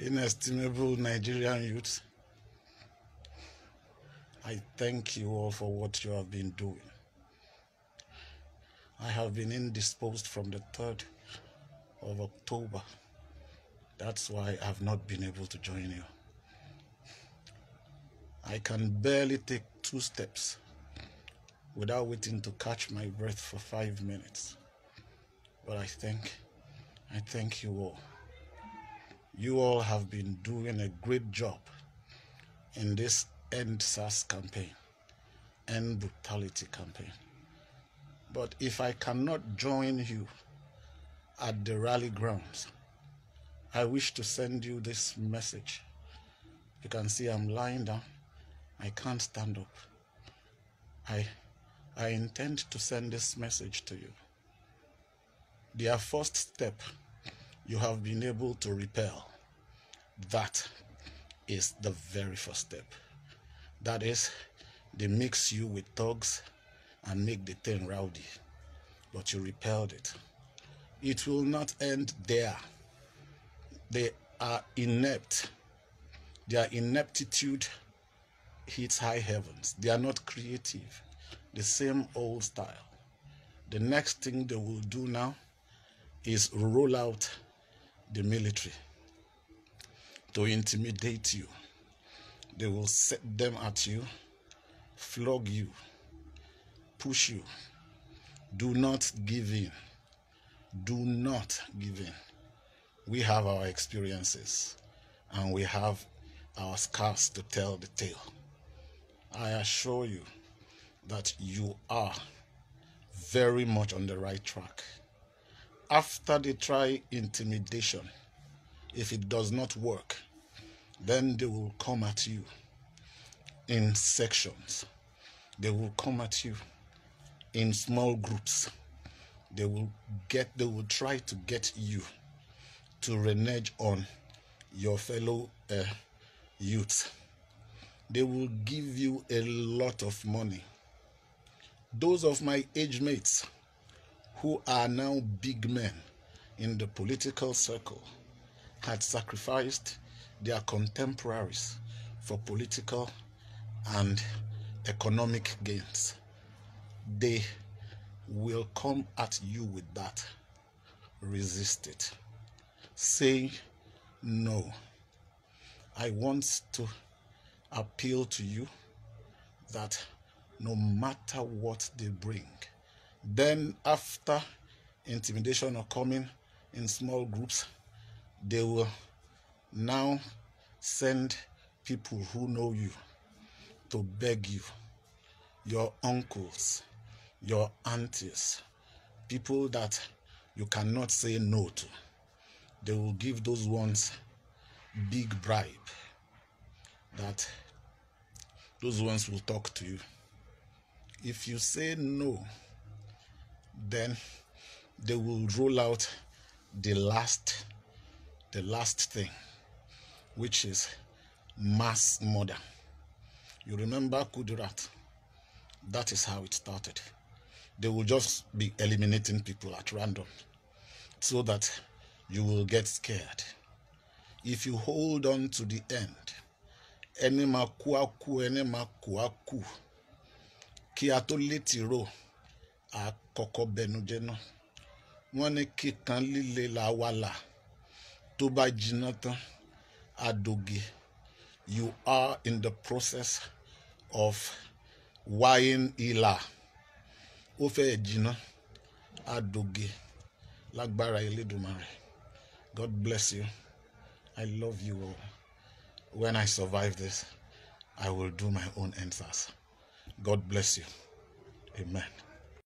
inestimable Nigerian youth, I thank you all for what you have been doing. I have been indisposed from the 3rd of October. That's why I've not been able to join you. I can barely take two steps without waiting to catch my breath for five minutes. But I thank, I thank you all. You all have been doing a great job in this End SARS campaign, End Brutality campaign. But if I cannot join you at the rally grounds, I wish to send you this message. You can see I'm lying down. I can't stand up. I, I intend to send this message to you. Their first step, you have been able to repel. That is the very first step. That is, they mix you with thugs and make the thing rowdy, but you repelled it. It will not end there. They are inept. Their ineptitude hits high heavens. They are not creative. The same old style. The next thing they will do now is roll out the military to intimidate you. They will set them at you, flog you, push you. Do not give in. Do not give in. We have our experiences and we have our scars to tell the tale. I assure you that you are very much on the right track. After they try intimidation, if it does not work, then they will come at you in sections. They will come at you in small groups. They will get they will try to get you to renege on your fellow uh, youths. They will give you a lot of money. Those of my age mates who are now big men in the political circle had sacrificed their contemporaries for political and economic gains. They will come at you with that. Resist it. Say no. I want to appeal to you that no matter what they bring, then after intimidation or coming in small groups, they will now send people who know you to beg you your uncles your aunties people that you cannot say no to they will give those ones big bribe that those ones will talk to you if you say no then they will roll out the last the last thing, which is mass murder. You remember Kudurat? That is how it started. They will just be eliminating people at random so that you will get scared. If you hold on to the end, any máa kú á kú ẹni máa kú á a tó létí rò á kọ́kọ́ bẹnújẹ́ náà tó Jinata, jiná you are in the process of wáyín ìlà Ofe fẹ́ jiná á lágbára Elédùmarè God bless you I love you all when I survive this I will do my own answers God bless you amen.